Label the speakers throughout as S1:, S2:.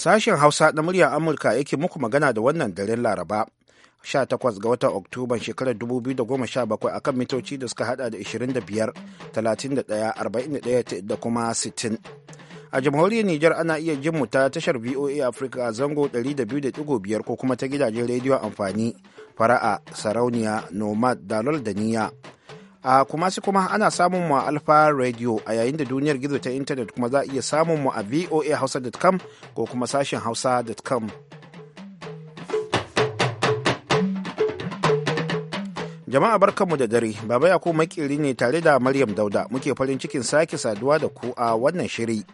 S1: Sashen Hausa na murya Amurka yake muku magana da wannan daren Laraba. 18 ga watan Oktoba shekarar 2017 akan mitoci da suka hada da 25, 31, 41 da kuma 60. A jamhuriyar Nijar ana iya jin mu ta tashar VOA Africa zango 200.5 ko kuma ta gidajen rediyon amfani fara'a sarauniya nomad dalol da niyya a kuma su kuma ana samun mu a alfa radio a yayin da duniyar gizo ta intanet kuma za a iya samun mu a voahausa.com ko kuma sashen hausa.com jama'a barkanmu da dare baba ya makiri ne tare da maryam dauda muke farin cikin sake saduwa da ku a wannan shiri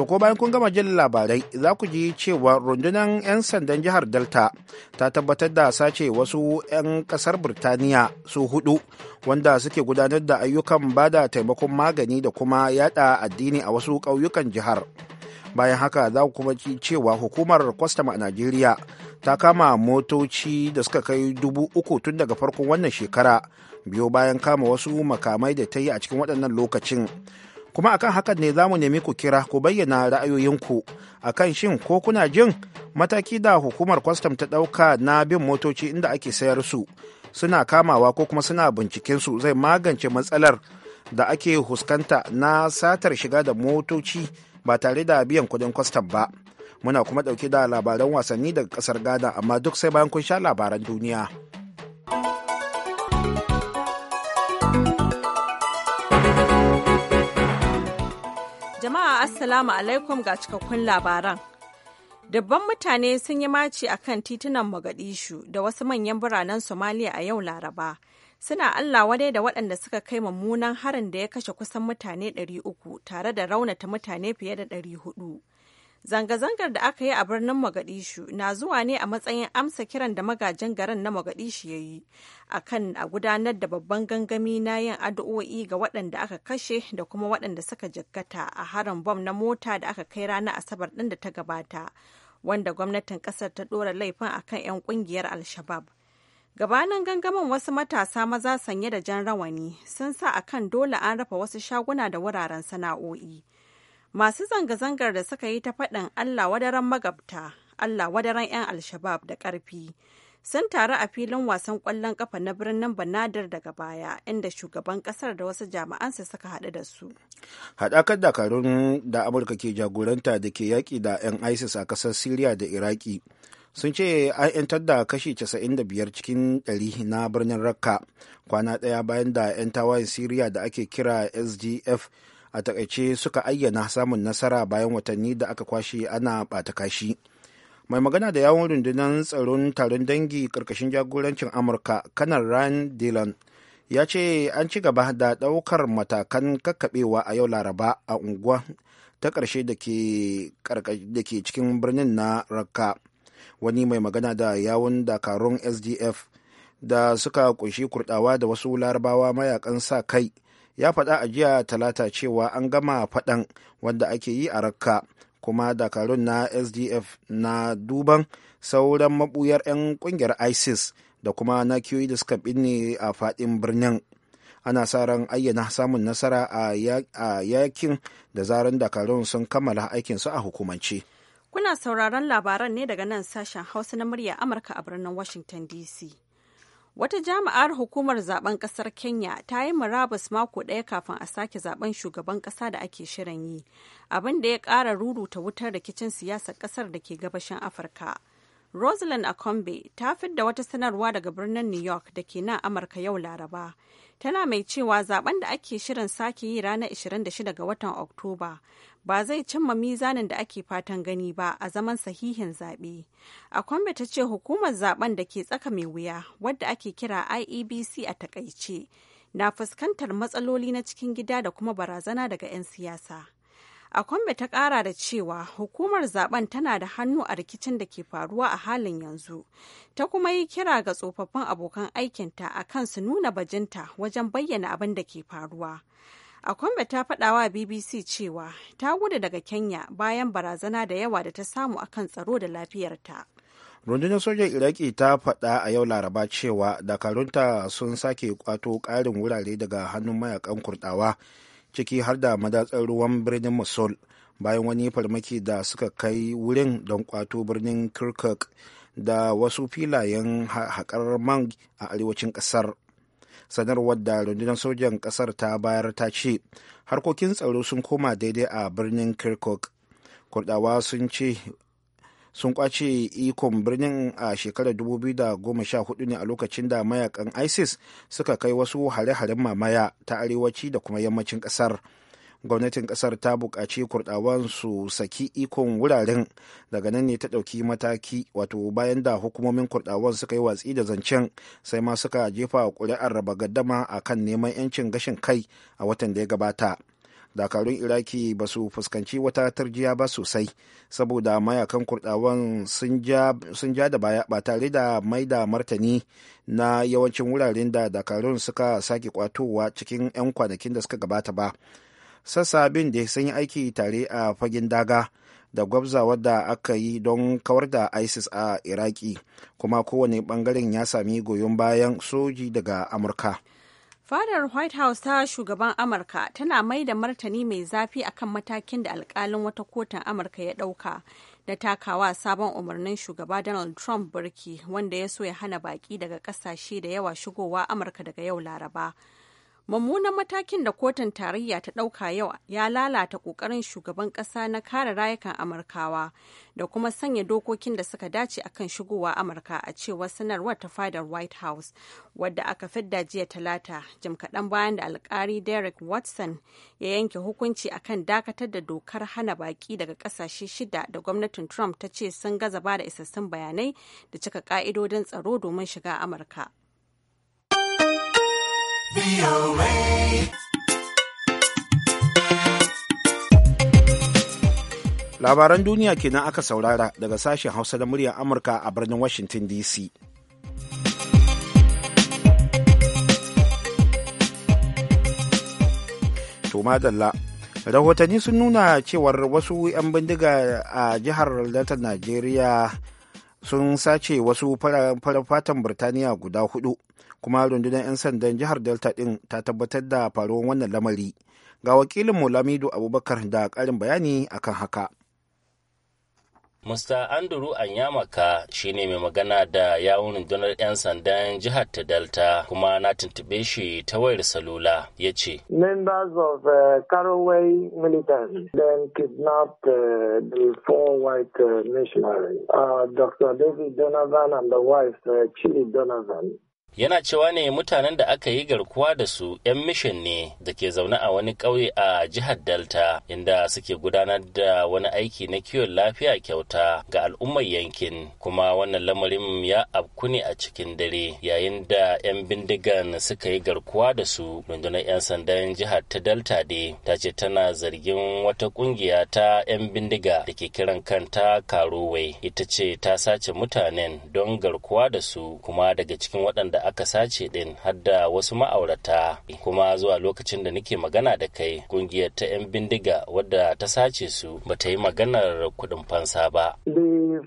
S1: To ko bayan kun gama jin labarai za ku ji cewa rundunar 'yan sandan jihar Delta ta tabbatar da sace wasu 'yan kasar Birtaniya su hudu wanda suke gudanar da ayyukan bada taimakon magani da kuma yada addini a wasu ƙauyukan jihar. Bayan haka za ku kuma ji cewa hukumar kwastam a Najeriya ta kama motoci da suka kai dubu uku tun daga farkon wannan shekara biyo bayan kama wasu makamai da ta yi a cikin waɗannan lokacin. kuma akan hakan ne za mu nemi ku kira ku bayyana ra'ayoyinku akan shin ko kuna jin mataki da hukumar kwastam ta ɗauka na bin motoci inda ake sayar su suna kamawa ko kuma suna binciken su zai magance matsalar da ake huskanta na satar shiga da motoci ba tare da biyan kuɗin kwastam ba muna kuma ɗauke da labaran wasanni daga ƙasar ghana amma duk sai bayan kun sha labaran duniya.
S2: assalamu alaikum ga cikakkun labaran. Dabban mutane sun yi maci a kan titunan Mogadishu da wasu manyan biranen Somalia a yau Laraba. Suna Allah wadai da waɗanda suka kai mummunan harin da ya kashe kusan mutane 300 tare da raunata mutane fiye da 400. Zanga-zangar da aka yi a birnin Mogadishu na zuwa ne a matsayin amsa kiran da magajin garin na Mogadishu ya yi a kan a gudanar da babban gangami na yin addu'o'i ga waɗanda aka kashe da kuma waɗanda suka jikkata a harin bom na mota da aka kai ranar Asabar ɗin da ta gabata, wanda gwamnatin ƙasar ta ɗora laifin a kan 'yan ƙungiyar Al-Shabab. gabanin gangamin wasu matasa maza sanye da jan rawani sun sa a kan dole an rufe wasu shaguna da wuraren sana'o'i masu zanga-zangar da suka yi ta faɗin allah wadaran magabta allah wadaran 'yan alshabab da ƙarfi sun taru a filin wasan ƙwallon ƙafa na birnin banadar daga baya inda shugaban ƙasar da wasu jami'ansa suka haɗu da su
S1: haɗakar dakarun da amurka ke jagoranta da ke yaƙi da 'yan isis a ƙasar siriya da iraki sun ce an 'yantar da kashi 95 cikin 100 na birnin rakka kwana ɗaya bayan da 'yan tawayen siriya da ake kira sgf a takaice suka ayyana samun nasara bayan watanni da aka kwashe ana ɓata kashi mai magana da yawon rundunar tsaron taron dangi ƙarƙashin jagorancin amurka kanar ryan dillon ya ce an ci gaba da ɗaukar matakan kakkaɓewa a yau laraba a unguwa ta ƙarshe da ke cikin birnin na rakka wani mai magana da yawon dakarun sdf da suka kunshi kurdawa da wasu larabawa mayakan sa kai ya faɗa a jiya talata cewa an gama faɗan wanda ake yi a rakka kuma dakarun na sdf na duban sauran mabuyar 'yan kungiyar isis da kuma nakiyoyi da suka binne a faɗin birnin ana sa ran ayyana samun nasara a yakin da zaran dakarun sun kammala su a hukumance
S2: kuna sauraron labaran ne daga nan sashen hausa na murya amurka a birnin washington dc Wata jami'ar hukumar zaben kasar Kenya ta yi murabus mako ɗaya kafin a sake zaben shugaban ƙasa da ake shirin yi, abin da ya ƙara ruruta wutar rikicin siyasar ƙasar da ke gabashin Afirka. Rosalind Akombe ta fidda wata sanarwa daga birnin New York da ke nan Amurka yau Laraba, tana mai cewa zaben da ake shirin sake yi ranar 26 ga watan oktoba ba zai cimma mizanin da ake fatan gani ba a zaman sahihin zaɓe. A kwambe ta ce hukumar zaben da ke tsaka mai wuya wadda ake kira IEBC a takaice na fuskantar matsaloli na cikin gida da kuma barazana daga 'yan siyasa. a kwambe ta kara da cewa hukumar zaben tana da hannu a rikicin da ke faruwa a halin yanzu. Ta kuma yi kira ga tsofaffin abokan aikinta a kan su nuna bajinta wajen bayyana abin da ke faruwa. Akwambe ta fadawa BBC cewa ta gudu daga Kenya bayan barazana da yawa da ta samu akan tsaro da lafiyarta.
S1: rundunar sojan iraki ta faɗa a yau laraba cewa dakarunta sun sake kwato ƙarin wurare daga hannun mayakan kurdawa ciki har da madatsar ruwan birnin mosul bayan wani farmaki da suka kai wurin don kwato birnin kirkuk da wasu filayen haƙar man a arewacin ƙasar sanarwar da rundunar sojan ƙasar ta bayar ta ce harkokin tsaro sun koma daidai a birnin kirkuk kurdawa sun ce sun kwace ikon birnin a shekarar 2014 ne a lokacin da mayakan isis suka kai wasu hare-haren mamaya ta arewaci da kuma yammacin kasar gwamnatin kasar ta buƙaci kurdawan su saki ikon wuraren daga nan ne ta ɗauki mataki wato bayan da hukumomin kurdawan suka yi watsi da zancen sai ma suka jefa ƙuri'ar raba gaddama a kan neman 'yancin gashin kai a watan da ya gabata dakarun iraki ba su fuskanci wata tarjiya ba sosai saboda mayakan kurdawan sun ja da baya ba tare da mai da martani na yawancin wuraren da dakarun suka sake kwatowa cikin 'yan kwanakin da suka gabata ba sassa bin da sun yi aiki tare a fagen daga da gwabzawa da aka yi don kawar da isis a iraki kuma kowane bangaren ya sami goyon bayan soji daga amurka
S2: Fadar White House ta shugaban Amurka tana mai da martani mai zafi akan matakin da alkalin wata kotun Amurka ya ɗauka da takawa sabon umarnin shugaba Donald Trump birki wanda ya so ya hana baki daga kasashe da yawa shigowa Amurka daga yau Laraba. mummunan matakin da kotun tarayya ta ɗauka yau ya lalata ƙoƙarin shugaban ƙasa na kare rayukan amurkawa da kuma sanya dokokin da suka dace akan shigowa amurka a cewar sanarwar ta fadar white house wadda aka fidda jiya talata jim kaɗan bayan da alkari derek watson ya yanke hukunci akan dakatar da dokar hana baki daga ƙasashe shida da gwamnatin trump ta ce sun gaza ba da isassun bayanai da cika ƙa'idodin tsaro domin shiga amurka
S1: Labaran duniya kenan aka saurara daga sashen Hausa da muryar Amurka a birnin Washington DC. To madalla rahotanni sun nuna cewar wasu 'yan bindiga a jihar Delta Najeriya sun sace wasu fatan Birtaniya guda hudu kuma rundunar 'yan sandan jihar delta ɗin ta tabbatar da faruwar wannan lamari ga wakilinmu lamido abubakar da ƙarin bayani akan haka
S3: Mr. Andrew Anyamaka shi ne mai magana da yawun rundunar 'yan sandan jihar ta Delta kuma na tuntube shi ta wayar salula ya ce.
S4: Members of uh, Caraway militants then kidnapped uh, the four white uh, missionaries, uh, Dr. David Donovan and the wife uh, Chili Donovan.
S3: yana cewa ne mutanen da aka yi garkuwa da su 'yan mishin ne da ke zaune a wani ƙauye a jihar delta inda suke gudanar da wani aiki na kiwon lafiya kyauta ga al'ummar yankin kuma wannan lamarin ya afku ne a cikin dare yayin da 'yan bindigan suka yi garkuwa da su rundunar 'yan sandan jihar ta delta de ta ce tana zargin wata kungiya ta 'yan bindiga da ke kiran kanta Karuwai, ita ce ta sace mutanen don garkuwa da su kuma daga cikin waɗanda da aka sace din har da wasu ma'aurata kuma zuwa lokacin da nake magana da kai kungiyar ta 'yan bindiga wadda ta sace su bata yi maganar kuɗin fansa ba.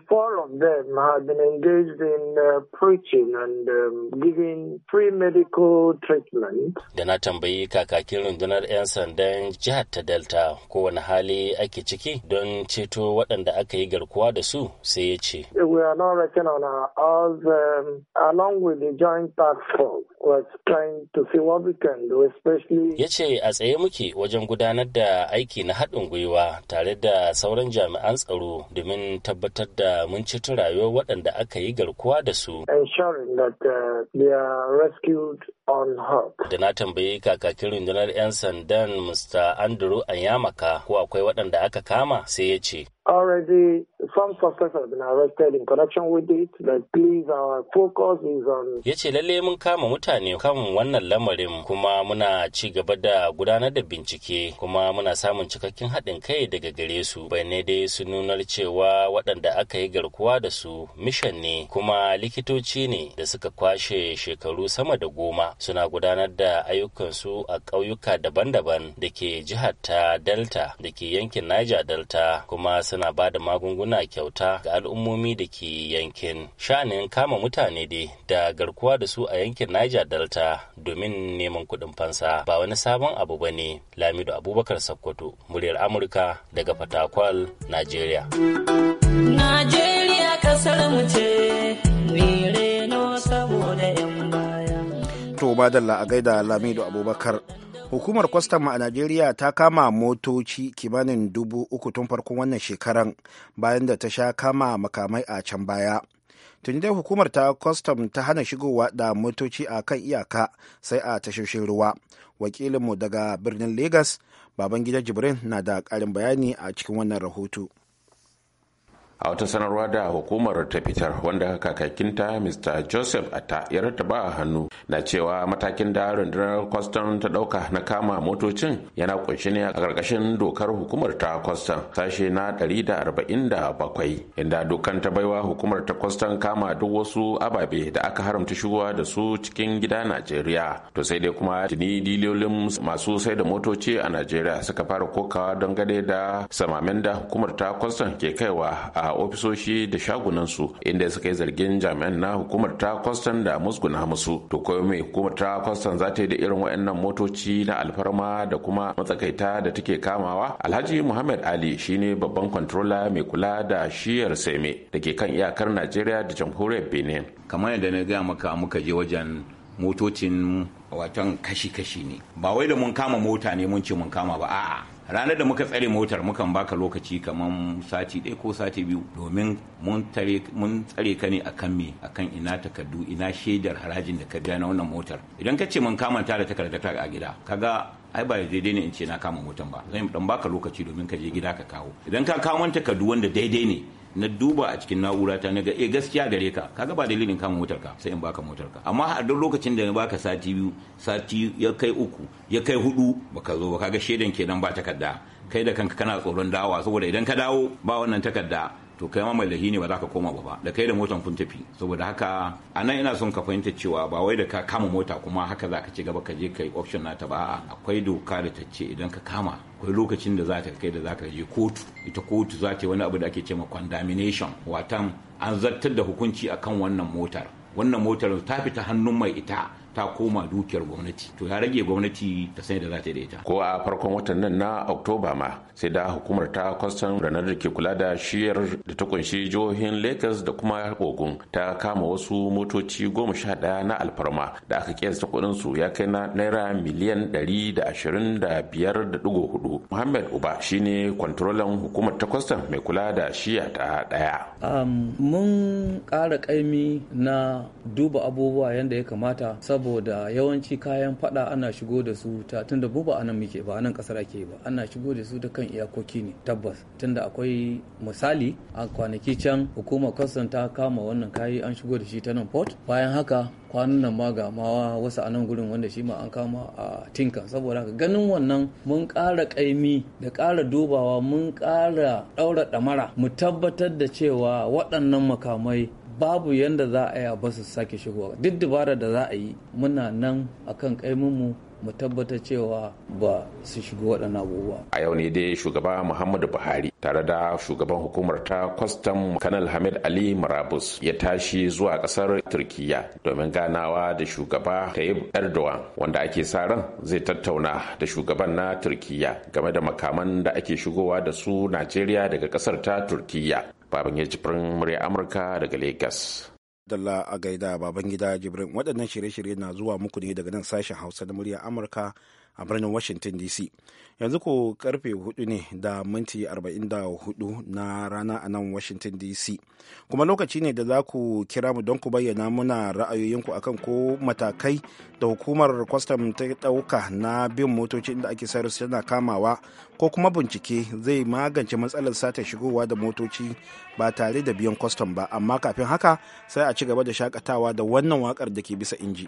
S4: four of them have been engaged in uh, preaching and um, giving free medical treatment.
S3: Da na tambayi kakakin rundunar 'yan sandan jihar ta Delta kowane hali ake ciki don ceto waɗanda aka yi garkuwa da su sai ya ce.
S4: We are now working on our hours, um, along with the joint task force. was trying to
S3: Ya ce a tsaye muke wajen gudanar da aiki na haɗin gwiwa tare da sauran jami'an tsaro domin tabbatar da da mun ceto rayuwar waɗanda aka yi garkuwa da su. Uh, da na tambayi kakakin rundunar 'yan sandan Mr. Andrew Anyamaka ko akwai waɗanda aka kama sai ya ce.
S4: already some suspects have been arrested in connection with it but please our focus is on
S3: ya lalle mun kama mutane kan wannan lamarin kuma muna ci gaba da gudanar da bincike kuma muna samun cikakken haɗin kai daga gare su ne dai su nunar cewa waɗanda aka yi garkuwa da su mission ne kuma likitoci ne da suka kwashe shekaru sama da goma suna gudanar da ayyukansu a ƙauyuka daban-daban da ke jihar ta delta da ke yankin niger delta kuma suna ba da magunguna kyauta ga al'ummomi da ke yankin sha'anin kama mutane dai da garkuwa da su a yankin niger delta domin neman kuɗin fansa ba wani sabon abu ba ne lamido abubakar sakkwato muryar amurka daga fatakwal nigeria
S2: Najeriya kasar mu ce, mu reno saboda 'yan baya.
S1: To, ba dalla a gaida Lamido Abubakar. hukumar kwastam a najeriya ta kama motoci kimanin dubu uku tun farkon wannan shekaran bayan da ta sha kama makamai a can baya tun dai hukumar ta kwastam ta hana shigowa da motoci a kan iyaka sai a tashoshin ruwa wakilinmu daga birnin lagos babangida jibrin na da karin bayani a cikin wannan rahoto
S5: a wata sanarwa da hukumar ta fitar wanda kakakinta mr joseph atta ya rattaba a hannu na cewa matakin da rundunar kwastam ta dauka na kama motocin yana kunshi ne a karkashin dokar hukumar ta kwastam sashe na 147 inda dokan ta baiwa hukumar ta kwastan kama duk wasu ababe da aka haramta shigowa da su cikin gida najeriya to sai dai kuma tuni dilolin masu sai da motoci a najeriya suka fara kokawa don gade da samamen da hukumar ta kwastam ke kaiwa a ofisoshi da shagunansu inda suka yi zargin jami'an na hukumar ta kwastan da musguna musu to ko mai hukumar ta kwastan za ta yi da irin wayannan motoci na alfarma da kuma matsakaita da take kamawa alhaji muhammad ali shine babban kwantrola mai kula da shiyar seme da ke kan iyakar najeriya da jamhuriyar
S6: benin kamar yadda na gaya maka muka je wajen motocin watan kashi-kashi ne ba wai da mun kama mota ne mun ce mun kama ba a'a ranar da muka tsare motar mukan baka lokaci kamar sati ɗaya ko sati biyu domin mun tsare ka ne akan me akan ina takardu ina shaidar harajin da ka biya na wannan motar idan ka ce mun kamanta da takardar a gida kaga ai ba daidai ne in ce na kama motan ba zan dan baka lokaci domin ka je gida ka kawo idan ka kawo takardu wanda daidai ne na duba a cikin na'ura ta naga eh gaskiya gare ka kaga ba dalilin kama motar ka sai in baka motar ka amma a duk lokacin da na baka sati biyu sati ya kai uku ya kai hudu baka zo ba kaga shaidan kenan ba takarda kai da kanka kana tsoron dawa saboda idan ka dawo ba wannan takarda to kai ma mai lahi ne ba za ka koma ba da kai da motan kun tafi saboda haka a nan ina son ka fahimta cewa ba wai da ka kama mota kuma haka za ka ci gaba ka je kai option nata ba akwai doka da ta ce idan ka kama akwai lokacin da za ta kai da za ka je kotu ita kotu za ta yi wani abu da ake ce ma condemnation watan an zartar da hukunci akan wannan motar wannan motar ta fita hannun mai ita ta koma dukiyar gwamnati to ya rage gwamnati ta sai da za ta yi da ita ko a farkon watan nan na oktoba ma sai da hukumar ta
S5: kwastan ranar da ke kula da shiyar da ta kunshi jihohin lagos da kuma ogun ta kama wasu motoci goma sha daya na alfarma da aka kiyasta kuɗin su ya kai na naira miliyan ɗari da ashirin da biyar da ɗigo hudu muhammad uba shine kwantarolan hukumar ta kwastan mai kula da shiya ta ɗaya
S7: mun kara ƙaimi na duba abubuwa yadda ya kamata saboda yawanci kayan fada ana shigo da su ta tunda mu ba anan muke ba anan kasar ake ba ana shigo da su ta kan iyakoki ne tabbas tunda akwai misali a kwanaki can hukumar kwastan ta kama wannan kayi an shigo da shi ta nan port bayan haka kwanan nan ma ga ma wasu a gurin wanda shi ma an kama a tinka saboda haka ganin wannan mun ƙara ƙaimi da kara dubawa mun kara ɗaura ɗamara mu tabbatar da cewa waɗannan makamai babu yadda za a yi a basu sake shigowa duk dubara da za a yi muna nan akan kaimunmu mu tabbata cewa ba su shigo waɗannan abubuwa.
S5: A yau ne dai shugaba Muhammadu Buhari tare da shugaban hukumar ta kwastam Kanal Hamid Ali Marabus ya tashi zuwa ƙasar Turkiyya domin ganawa da shugaba Tayyip Erdogan wanda ake sa ran zai tattauna da shugaban na Turkiyya game da makaman da ake shigowa da su Najeriya daga ƙasar ta Turkiyya. ya Jibrin murya Amurka daga Lagos.
S1: Dalla a gaida Babangida Jibrin waɗannan shirye-shirye na zuwa muku ne daga nan sashen Hausa na murya Amurka a birnin washington dc yanzu ko karfe 4 ne da minti 44 na rana a nan washington dc kuma lokaci ne da za ku kira mu don ku bayyana muna ra'ayoyinku akan ko matakai da hukumar kwastam ta ɗauka na bin motoci inda ake sayar tana kamawa ko kuma bincike zai magance matsalar sata shigowa da motoci ba tare da biyan kwastam ba amma kafin haka sai a ci gaba da shakatawa da wannan wakar da ke bisa inji.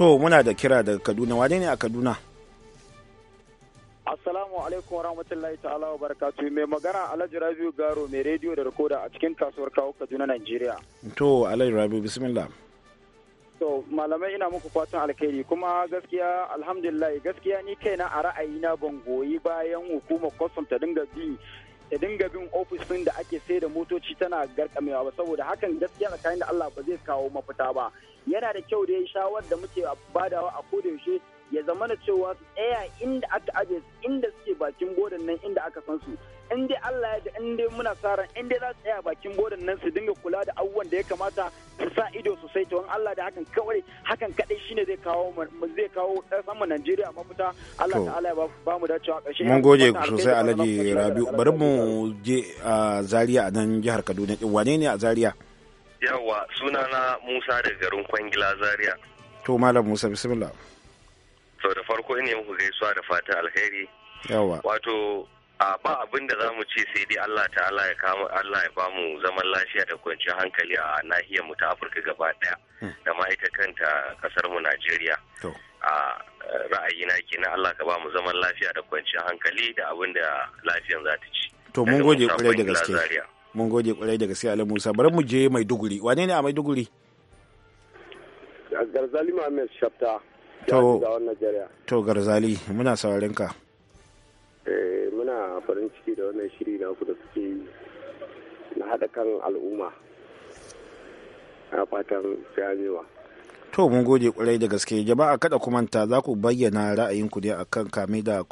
S1: To muna da kira daga Kaduna, wane ne a Kaduna? Assalamu alaikum wa rahmatullahi ta'ala wa barakatu mai magana Alhaji Rabiu Garo mai rediyo da rikoda a cikin kasuwar kawo Kaduna Najeriya. To Alhaji Rabiu bismillah.
S6: To malamai ina muku fatan alkhairi kuma gaskiya alhamdulillah gaskiya ni kaina a ra'ayina ban goyi bayan hukumar kwastam ta dinga bi ta dinga bin ofis din da ake sai da motoci tana garkamewa ba saboda hakan gaskiya tsakanin da Allah ba zai kawo mafita ba yana da kyau da ya shawar da muke badawa a koda yaushe ya zama na cewa su tsaya inda aka aje su inda suke bakin bodan nan inda aka san su in dai Allah ya ga in dai muna sa ran in dai za su tsaya bakin bodan nan su dinga kula da abubuwan da ya kamata su sa ido sosai to in Allah da hakan kawai hakan kadai shine zai
S1: kawo zai kawo mu Najeriya mafita Allah ta'ala ya ba mu dacewa karshe mun gode sosai Alhaji Rabiu bari mu je a Zaria a nan jihar Kaduna wane ne a Zaria
S4: yawa sunana Musa daga garin Kwangila Zaria to malam Musa bismillah
S7: sau da farko ne muku gaisuwa da fata alheri yawa
S3: wato ba abin da zamu ce sai dai Allah ta'ala ya kama Allah ya bamu zaman lafiya da kwanciyar hankali a nahiyar mu ta Afirka gaba daya hmm. da ma ita kanta kasar mu Najeriya a na kina Allah ka bamu zaman lafiya da kwanciyar hankali da abin da lafiyan za ta ci to mun gode kwarai da gaske
S1: mun gode kwarai da gaske Ali Musa bari mu je Maiduguri wane ne a Maiduguri
S4: Garzali Muhammad Shafta
S1: to garzali muna saurin ka
S4: eh, muna farin ciki da wannan shiri na
S5: da suke na haɗa kan al'umma a
S4: fatan sayanewa
S1: to mun gode kwarai da gaske jama'a kada ku manta za ku bayyana ra'ayinku ne akan kame da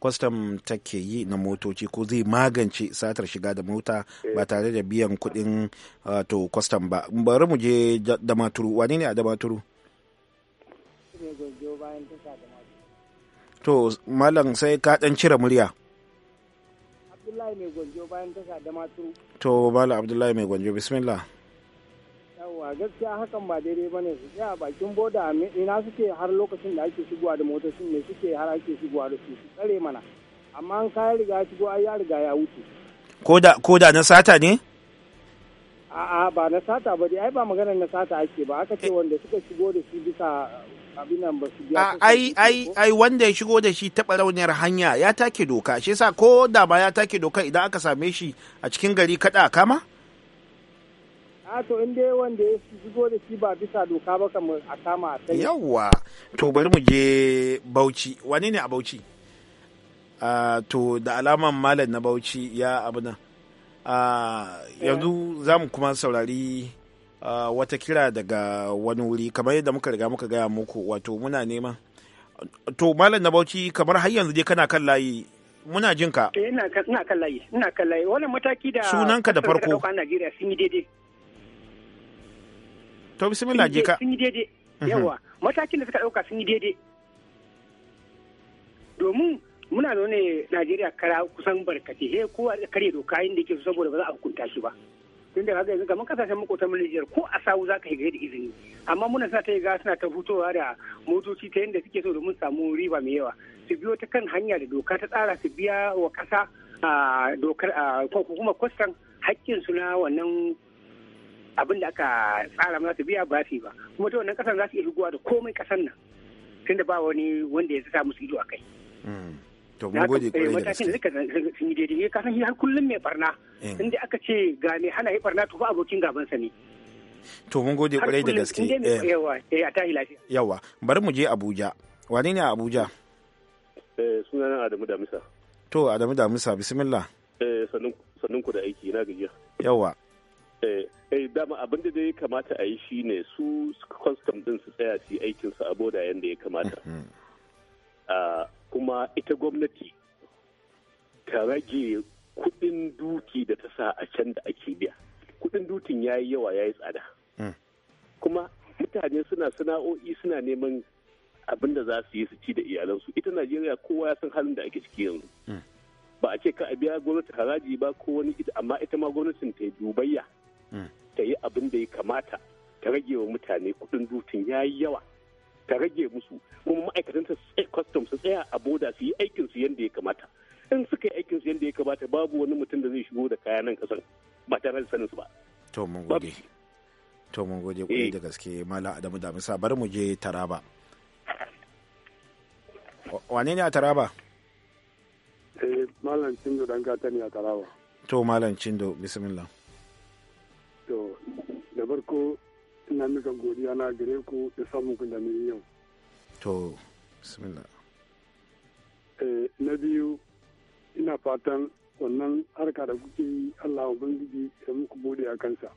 S1: kwastam take yi na motoci ko zai magance satar shiga da mota eh. ba tare da biyan kuɗin ah, to kwastam ba bari mu je damaturu wani ne a damaturu to malam sai ka dan cire murya
S8: abdullahi mai gwanjo bayan tasha da matu
S1: to malam abdullahi mai gwanjo bismillah
S8: yawa gaskiya hakan ba daidai ba ne su tsaya bakin boda ina suke har lokacin da ake shigowa da motocin ne suke har ake shigowa da su su tsare mana amma an kayan riga ya shigo ai ya riga ya wuce
S1: ko da na sata ne
S8: a'a ba na sata ba dai ai ba maganar na sata ake ba aka ce wanda suka shigo da shi bisa ai
S1: ai ai wanda ya shigo da shi barauniyar hanya ya take doka shi yasa ko da ba ya take doka idan aka same shi a cikin gari kaɗa a kama
S8: a to in dai wanda ya shigo da shi ba bisa doka ba kamar a kama a yawwa
S1: to bari mu je Bauchi wani ne a Bauchi a to da alaman malam na Bauchi ya abu nan eh. yanzu za mu kuma saurari uh, wata kira daga wani wuri kamar yadda muka riga muka gaya muku wato muna nema to malam na bauchi kamar har yanzu dai kana kan layi muna jin eh, ka
S8: ina kan layi ina kan layi wannan mataki da sunanka da farko a Najeriya sun yi daidai to bismillah je ka sun yi daidai
S1: mhm.
S4: yawa
S8: matakin da suka dauka sun yi daidai domin muna da wani Najeriya kara kusan barkate he kowa kare doka inda yake saboda ba za a hukunta shi ba tun da haka yanzu kamar kasashen makotan ko a sawu za ka yi da izini amma muna suna ta yi ga suna ta hutowa da motoci ta yadda suke so domin samu riba mai yawa su biyo ta kan hanya da doka ta tsara su biya wa kasa dokar ko kuma kwastan hakkin su na wannan abin da aka tsara ma su biya ba su ba kuma ta wannan kasan za su iya shigowa da komai kasan nan tunda ba wani wanda ya sa musu ido a kai.
S1: Hmm. to mun gode kwarai da gaske matakin
S8: duka sun yi daidai ka san har kullum mai barna eh. inda aka ce ga mai hana yi barna to fa abokin gaban sa ne
S1: to mun gode kwarai da gaske eh.
S8: yawa eh a tahi lafiya
S1: yawa bari mu je Abuja wani ne a Abuja
S5: eh sunana Adamu da Damisa
S1: to Adamu da Damisa bismillah
S5: eh sannun ku da aiki na gajiya yawa eh eh dama abin da dai kamata a yi shine su custom din su tsaya su aikin su a boda yanda ya kamata mm-hmm. ah, kuma ita gwamnati ta rage kudin duki da ta sa a can da ake biya kudin dutin ya yi yawa ya yi tsada hmm. kuma mutane suna sana'o'i suna neman abin da za su yi su ci da iyalansu ita najeriya kowa ya san halin da ake ciki yanzu hmm. ba a ce ka a biya gwamnati haraji ba ko wani ita amma ita ma gwamnatin ta yi dubayya hmm. ta yi abin da ya kamata ta rage wa mutane kudin dutin ya yi yawa ta rage musu kuma ma'aikatan ta kwastom su tsaya a boda su yi aikin su yadda ya kamata in suka yi aikin su yadda ya kamata babu wani mutum da zai shigo da kaya nan kasar ba tare da sanin su ba
S1: to mun gode to mun gode kuɗi eh. da gaske malam Adamu Damisa bari mu je Taraba wane ne a Taraba
S4: eh malam Cindo dan gata ne a Taraba
S1: to malam Cindo bismillah
S4: to da farko ina mika godiya na gare ku da samun ku da yau
S1: to bismillah
S4: eh, na biyu ina fatan wannan harka da kuke yi Allah ubangiji ya muku bude a kansa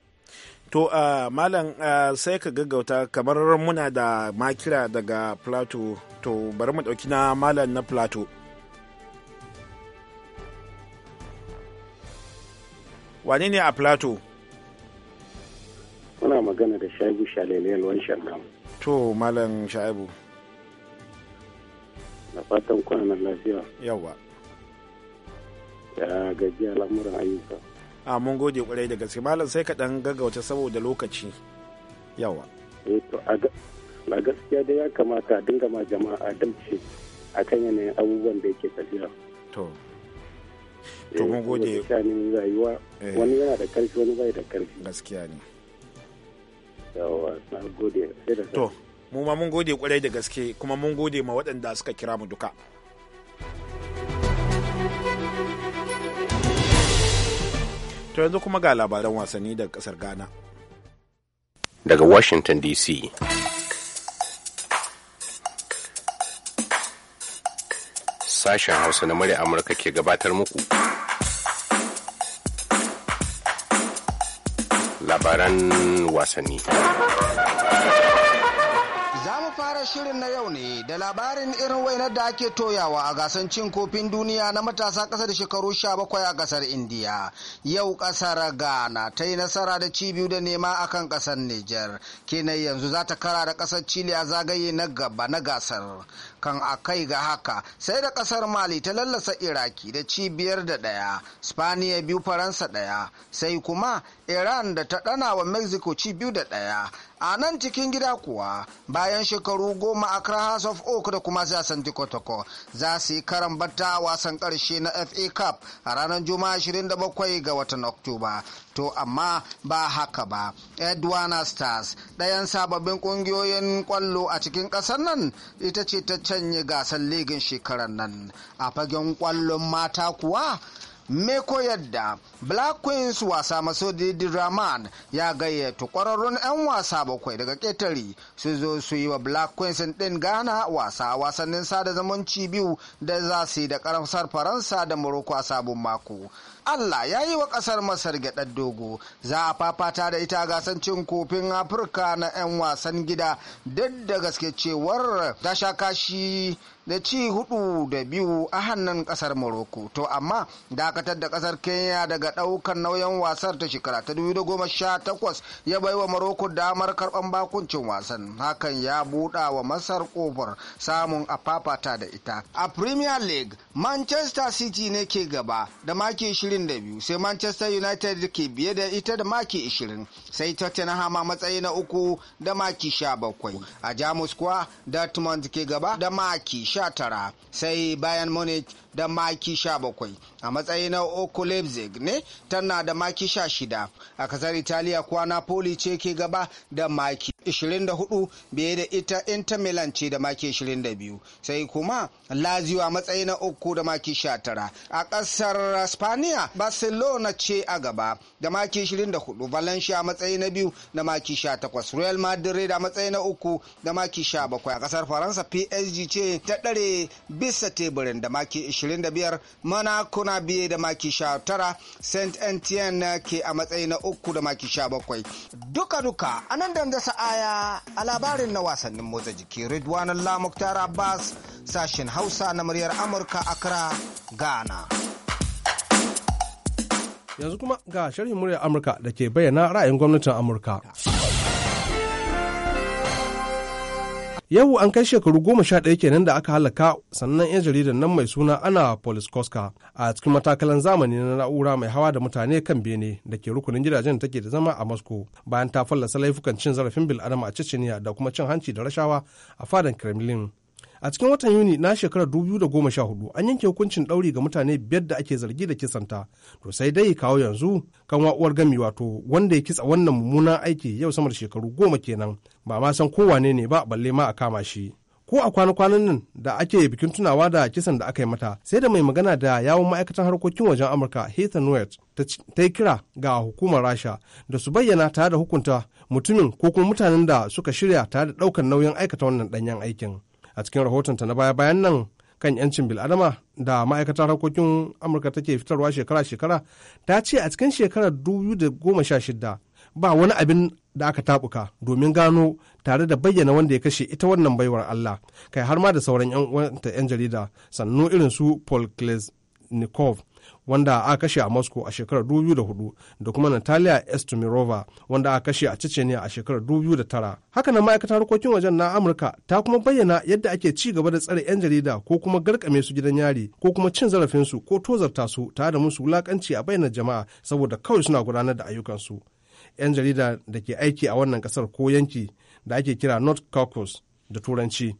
S1: to uh, malam uh, sai ka gaggauta kamar muna da makira daga plato to bari mu dauki na malam na plato wane ne a plato
S4: Muna magana da
S3: Shaibu Shalele yalwan nan.
S1: To, Malam Shaibu.
S3: Na fatan kwanan lafiya. Yawa. Ya gaji al'amuran ayyuka.
S1: A mun gode kwarai da gaske. Malam sai ka ɗan gaggauta saboda lokaci.
S4: Yawa. Eh to, a gaskiya dai ya kamata dinga ma jama'a adalci
S5: a kan yanayin abubuwan da yake tafiya.
S1: To. To eh, mun gode. Eh. Wani yana da ƙarfi wani bai da ƙarfi. Gaskiya ne. to mu ma mun gode kwarai da gaske kuma mun gode ma waɗanda suka kira mu duka to yanzu kuma ga labaran wasanni daga ƙasar ghana
S5: daga washington dc sashen hausa na murya amurka ke gabatar muku labaran wasanni.
S4: Za mu fara shirin na
S7: yau ne da labarin irin wainar da ake toyawa a gasar cin kofin duniya na matasa ƙasa da shekaru 17 a ƙasar Indiya. Yau ƙasar Ghana ta yi nasara da cibiyu da nema a kan ƙasar Nijar. Kenan yanzu za ta kara da ƙasar Chile a zagaye na gaba na gasar. kan a kai ga haka sai da kasar mali ta lallasa iraki da cibiyar da daya spaniya biyu faransa daya sai kuma iran da ta dana wa mexico ci biyu da daya a nan cikin gida kuwa bayan shekaru goma a house of oak da kuma zasan tikotoko za su yi karan batta wasan karshe na fa cup a ranar juma'a 27 ga watan oktoba to amma ba haka ba edwana stars ɗayan sababbin ƙungiyoyin ƙwallo a cikin ƙasar nan ita ce ta canye gasar ligin shekarar nan a fagen ƙwallon mata kuwa me ko yadda. black queens wasa maso Didi Rahman ya gayyato kwararrun 'yan wasa bakwai daga ƙetare su zo su yi wa black queens ɗin ghana wasa a wasannin sada zamanci biyu da za su yi da ƙarfasar faransa da morocco a sabon mako Allah ya yi wa ƙasar Masar gyaɗar dogo za a fafata da ita gasan cin kofin Afirka na 'yan wasan gida duk da gaske cewar ta sha kashi da ci hudu da biyu a hannun ƙasar Morocco. To amma dakatar da ƙasar Kenya daga ɗaukar nauyin wasar ta shekara ta 2018 ya baiwa Maroko damar karban bakuncin wasan. Hakan ya buɗa wa Masar kofar samun a fafata da ita. A Premier League, Manchester City ne ke gaba da maki 22 sai Manchester United ke biye da ita da maki 20 sai Tottenham a matsayi na uku da maki 17. A Jamus kuwa Dortmund ke gaba da maki 19 sai Bayern Munich da maki 17. A matsayi na uku Leipzig ne tana da maki 16 a kasar italiya kuwa napoli ce ke gaba da maki 24 biye da ita inter milan ce da maki 22 sai kuma lazio a matsayi na uku da maki 19 a kasar spaniya barcelona ce a gaba da maki 24 valencia a matsayi na biyu da maki 18 real madrid a matsayi na uku da maki 17 a kasar faransa psg ce ta dare bisa teburin da maki 25 mana kuna biye da maki 19 Saint Etienne ke a matsayi na uku da maki sha bakwai. Duka-duka a nan da aya a labarin na wasannin motsa jiki Ridwan Allah Muktar Abbas sashen Hausa na muryar Amurka Accra, Ghana.
S9: Yanzu kuma ga sharhin muryar Amurka da ke bayyana ra'ayin gwamnatin Amurka. Yau an kai shekaru goma sha ɗaya kenan da aka halaka sannan 'yan jaridar nan mai suna ana Poliskoska a cikin matakalan zamani na na'ura mai hawa da mutane kan bene da ke rukunin gidajen da take da zama a Moscow bayan ta fallasa laifukan cin zarafin bil'adama a Chechnya da kuma cin hanci da rashawa a fadan Kremlin. a cikin watan yuni na shekarar 2014 an yanke hukuncin ɗauri ga mutane biyar da ake zargi da kisanta to sai dai kawo yanzu kan wa'uwar gami wato wanda ya kitsa wannan mummunan aiki yau samar shekaru goma kenan ba ma san kowane ne ba balle ma a kama shi ko a kwana-kwanan nan da ake bikin tunawa da kisan da aka yi mata sai da mai magana da yawon ma'aikatan harkokin wajen amurka heather nuet ta yi kira ga hukumar rasha da su bayyana tare da hukunta mutumin ko kuma mutanen da suka shirya tare da ɗaukar nauyin aikata wannan ɗanyen aikin a cikin rahotonta na baya-bayan nan kan 'yancin bil'adama da ma'aikatar harkokin amurka take fitarwa shekara-shekara ta ce a cikin shekarar 2016 ba wani abin da aka tabuka domin gano tare da bayyana wanda ya kashe ita wannan baiwar Allah kai har ma da sauran 'yan jarida sannu irin su Paul Klesnikov wanda aka kashe a moscow a shekarar 2004 da kuma natalia estomirova wanda aka kashe a chechnya a shekarar 2009 hakanan ma'aikatar harkokin wajen na amurka ta kuma bayyana yadda ake ci gaba da tsare 'yan jarida ko kuma garkame su gidan yari ko kuma cin zarafinsu ko tozarta su tare da musu wulakanci a bayyana jama'a saboda kawai suna gudanar da ayyukansu 'yan jarida da ke aiki a wannan kasar ko yanki da ake kira north caucus da turanci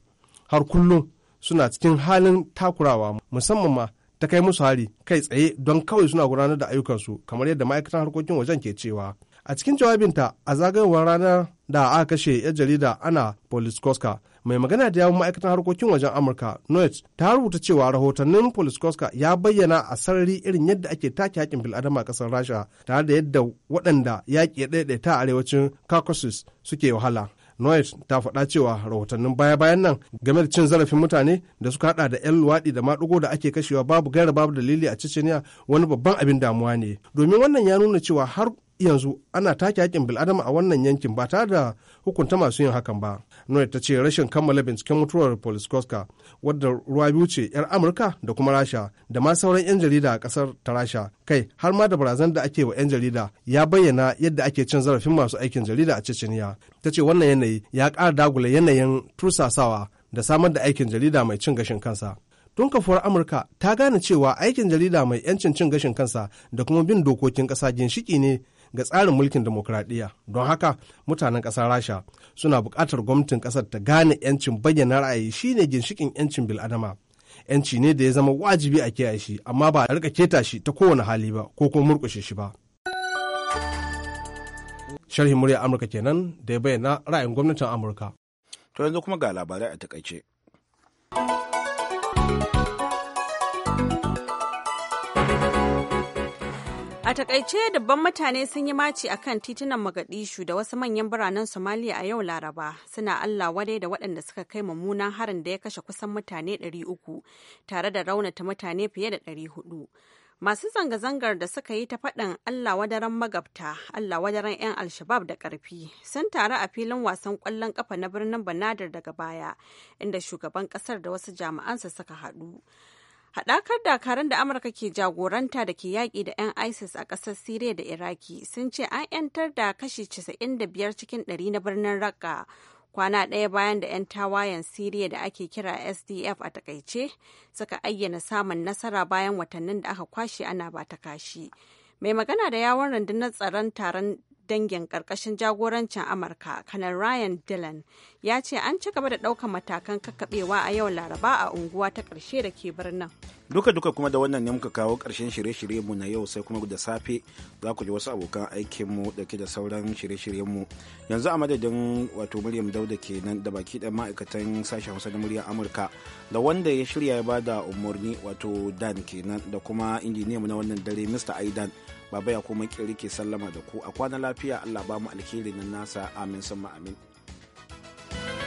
S9: har kullum suna cikin halin takurawa musamman ma ta kai musu hari kai tsaye don kawai suna gudanar da ayyukansu kamar yadda ma'aikatan harkokin wajen ke cewa a cikin jawabinta a zagayowar ranar da aka kashe 'yan jarida ana poliskoska mai magana da yawon ma'aikatan harkokin wajen amurka noet ta rubuta cewa rahotannin poliskoska ya bayyana a sarari irin yadda ake take hakin bil'adama a kasar rasha tare da yadda waɗanda yaƙi ya ɗaiɗaita a arewacin caucasus suke wahala Noyes ta faɗa cewa rahotannin baya-bayan nan game da cin zarafin mutane da suka hada da 'yan luwaɗi da maɗigo da ake kashewa babu gaira babu dalili a Ceceniya wani babban abin damuwa ne. Domin wannan ya nuna cewa har yanzu ana take hakin bil'adama a wannan yankin ba tare da hukunta masu yin hakan ba. noy ta ce rashin kammala binciken mutuwar Poliskoska wadda ruwa biyu ce 'yar Amurka da kuma Rasha da ma sauran 'yan jarida a ƙasar ta Rasha kai har ma da barazan da ake wa 'yan jarida ya bayyana yadda ake cin zarafin masu aikin jarida a Ceceniya. Ta ce wannan yanayi ya kara dagula yanayin tursasawa da samar da aikin jarida mai cin gashin kansa. Tun kafuwar amurka ta gane cewa aikin jarida mai 'yancin cin gashin kansa da kuma bin dokokin ƙasa ginshiki ne ga tsarin mulkin demokradiyya don haka mutanen ƙasar rasha suna buƙatar gwamnatin ƙasar ta gane 'yancin bayyana ra'ayi shine ginshikin 'yancin bil'adama yanci ne da ya zama wajibi a kiyaye shi amma ba a rika keta shi ta kowane hali ba ko kuma murƙushe shi ba sharhin murya amurka kenan da ya bayyana ra'ayin gwamnatin amurka
S1: to yanzu kuma ga labarai a takaice
S2: takaice dubban mutane sun yi maci a kan titunan Magadishu da wasu manyan biranen Somalia a yau Laraba suna Allah wadai da waɗanda suka kai mummunan harin da ya kashe kusan mutane 300 tare da raunata mutane fiye da 400. Masu zanga-zangar da suka yi ta faɗin Allah wadaran magabta, Allah wadaran 'yan Alshabab da ƙarfi sun taru a filin wasan ƙwallon ƙafa na birnin Banadar daga baya, inda shugaban ƙasar da wasu jami'ansa suka haɗu. Haɗakar dakarun da Amurka ke jagoranta da ke yaƙi da 'yan ISIS a ƙasar Siriya da Iraki sun ce an 'yantar da kashi 95 cikin 100 na birnin Raqqa kwana ɗaya bayan da 'yan tawayen Siriya da ake kira SDF a takaice suka ayyana samun nasara bayan watannin da aka kwashe ana ba ta kashi. Mai magana da yawon rundunar tsaron taron dangin karkashin jagorancin amurka kanar ryan dillon ya ce an ci gaba da ɗaukar matakan kakkaɓewa a yau laraba a unguwa ta karshe da ke birnin
S1: duka duka kuma da wannan ne muka kawo ƙarshen shirye-shirye mu na yau sai kuma da safe za ku ji wasu abokan aikin mu da ke da sauran shirye-shiryen mu yanzu a madadin wato Maryam Dauda kenan da baki dan ma'aikatan sashen Hausa na muryar Amurka da wanda ya shirya ya bada umarni wato Dan kenan da kuma injiniyan mu na wannan dare Mr. Aidan baba ya kuma ke sallama da ku a kwana lafiya allah ba mu alheri nan nasa amin sama amin